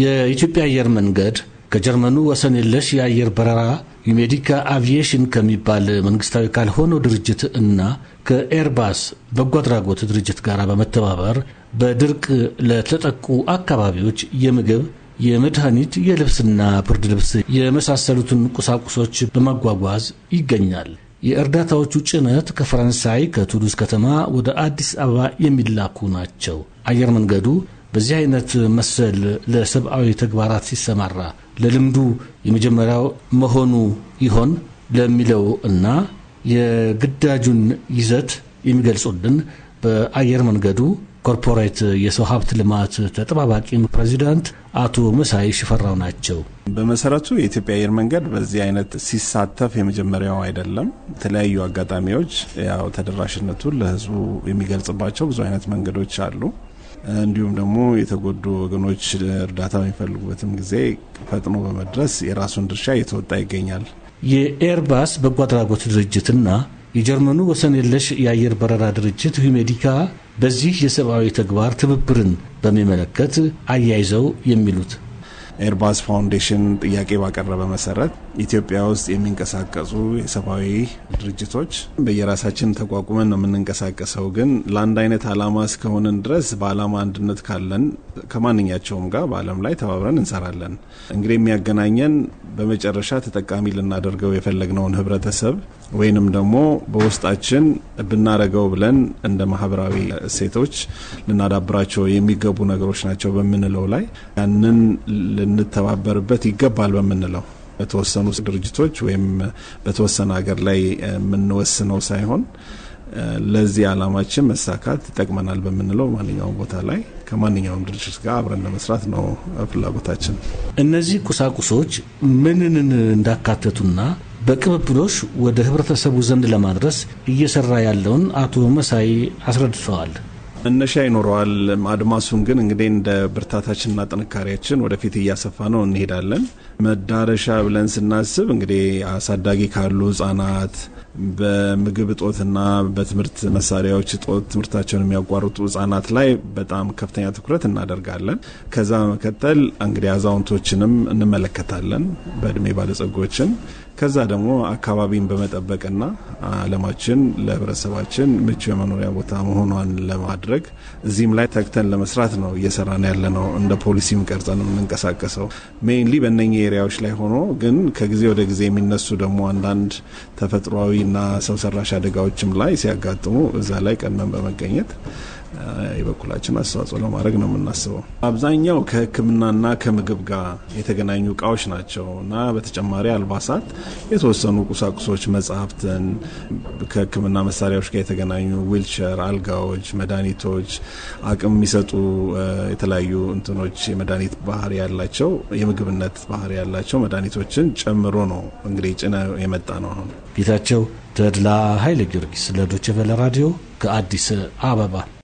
የኢትዮጵያ አየር መንገድ ከጀርመኑ ወሰን የለሽ የአየር በረራ የሜዲካ አቪዬሽን ከሚባል መንግስታዊ ካልሆነው ድርጅት እና ከኤርባስ በጎ አድራጎት ድርጅት ጋር በመተባበር በድርቅ ለተጠቁ አካባቢዎች የምግብ፣ የመድኃኒት፣ የልብስና ብርድ ልብስ የመሳሰሉትን ቁሳቁሶች በማጓጓዝ ይገኛል። የእርዳታዎቹ ጭነት ከፈረንሳይ ከቱሉዝ ከተማ ወደ አዲስ አበባ የሚላኩ ናቸው። አየር መንገዱ በዚህ አይነት መሰል ለሰብአዊ ተግባራት ሲሰማራ ለልምዱ የመጀመሪያው መሆኑ ይሆን ለሚለው እና የግዳጁን ይዘት የሚገልጹልን በአየር መንገዱ ኮርፖሬት የሰው ሀብት ልማት ተጠባባቂ ፕሬዚዳንት አቶ መሳይ ሽፈራው ናቸው። በመሰረቱ የኢትዮጵያ አየር መንገድ በዚህ አይነት ሲሳተፍ የመጀመሪያው አይደለም። የተለያዩ አጋጣሚዎች ያው ተደራሽነቱን ለሕዝቡ የሚገልጽባቸው ብዙ አይነት መንገዶች አሉ። እንዲሁም ደግሞ የተጎዱ ወገኖች እርዳታ በሚፈልጉበትም ጊዜ ፈጥኖ በመድረስ የራሱን ድርሻ እየተወጣ ይገኛል። የኤርባስ በጎ አድራጎት ድርጅትና የጀርመኑ ወሰን የለሽ የአየር በረራ ድርጅት ሁሜዲካ በዚህ የሰብአዊ ተግባር ትብብርን በሚመለከት አያይዘው የሚሉት ኤርባስ ፋውንዴሽን ጥያቄ ባቀረበ መሰረት ኢትዮጵያ ውስጥ የሚንቀሳቀሱ የሰብአዊ ድርጅቶች በየራሳችን ተቋቁመን ነው የምንንቀሳቀሰው። ግን ለአንድ አይነት አላማ እስከሆንን ድረስ በአላማ አንድነት ካለን ከማንኛቸውም ጋር በአለም ላይ ተባብረን እንሰራለን። እንግዲህ የሚያገናኘን በመጨረሻ ተጠቃሚ ልናደርገው የፈለግነውን ህብረተሰብ ወይንም ደግሞ በውስጣችን ብናረገው ብለን እንደ ማህበራዊ እሴቶች ልናዳብራቸው የሚገቡ ነገሮች ናቸው በምንለው ላይ ያንን ልንተባበርበት ይገባል በምንለው በተወሰኑ ድርጅቶች ወይም በተወሰነ ሀገር ላይ የምንወስነው ሳይሆን ለዚህ አላማችን መሳካት ይጠቅመናል በምንለው ማንኛውም ቦታ ላይ ከማንኛውም ድርጅት ጋር አብረን ለመስራት ነው ፍላጎታችን። እነዚህ ቁሳቁሶች ምንን እንዳካተቱና በቅብብሎሽ ወደ ህብረተሰቡ ዘንድ ለማድረስ እየሰራ ያለውን አቶ መሳይ አስረድተዋል። መነሻ ይኖረዋል። አድማሱን ግን እንግዲህ እንደ ብርታታችንና ጥንካሬያችን ወደፊት እያሰፋ ነው እንሄዳለን። መዳረሻ ብለን ስናስብ እንግዲህ አሳዳጊ ካሉ ህጻናት በምግብ እጦትና በትምህርት መሳሪያዎች እጦት ትምህርታቸውን የሚያቋርጡ ህጻናት ላይ በጣም ከፍተኛ ትኩረት እናደርጋለን። ከዛ በመቀጠል እንግዲህ አዛውንቶችንም እንመለከታለን፣ በእድሜ ባለጸጎችን ከዛ ደግሞ አካባቢን በመጠበቅና አለማችን ለህብረተሰባችን ምቹ የመኖሪያ ቦታ መሆኗን ለማድረግ እዚህም ላይ ተግተን ለመስራት ነው እየሰራን ያለ ነው። እንደ ፖሊሲም ቀርጸን የምንንቀሳቀሰው ሜይንሊ በእነኚህ ኤሪያዎች ላይ ሆኖ ግን ከጊዜ ወደ ጊዜ የሚነሱ ደግሞ አንዳንድ ተፈጥሯዊና ሰው ሰራሽ አደጋዎችም ላይ ሲያጋጥሙ እዛ ላይ ቀድመን በመገኘት የበኩላችን አስተዋጽኦ ለማድረግ ነው የምናስበው። አብዛኛው ከሕክምናና ከምግብ ጋር የተገናኙ እቃዎች ናቸው እና በተጨማሪ አልባሳት፣ የተወሰኑ ቁሳቁሶች፣ መጽሐፍትን፣ ከሕክምና መሳሪያዎች ጋር የተገናኙ ዊልቸር፣ አልጋዎች፣ መድኃኒቶች፣ አቅም የሚሰጡ የተለያዩ እንትኖች የመድኃኒት ባህሪ ያላቸው የምግብነት ባህሪ ያላቸው መድኃኒቶችን ጨምሮ ነው እንግዲህ ጭነ የመጣ ነው። አሁን ጌታቸው ተድላ ኃይለ ጊዮርጊስ ለዶቼ ቬለ ራዲዮ ከአዲስ አበባ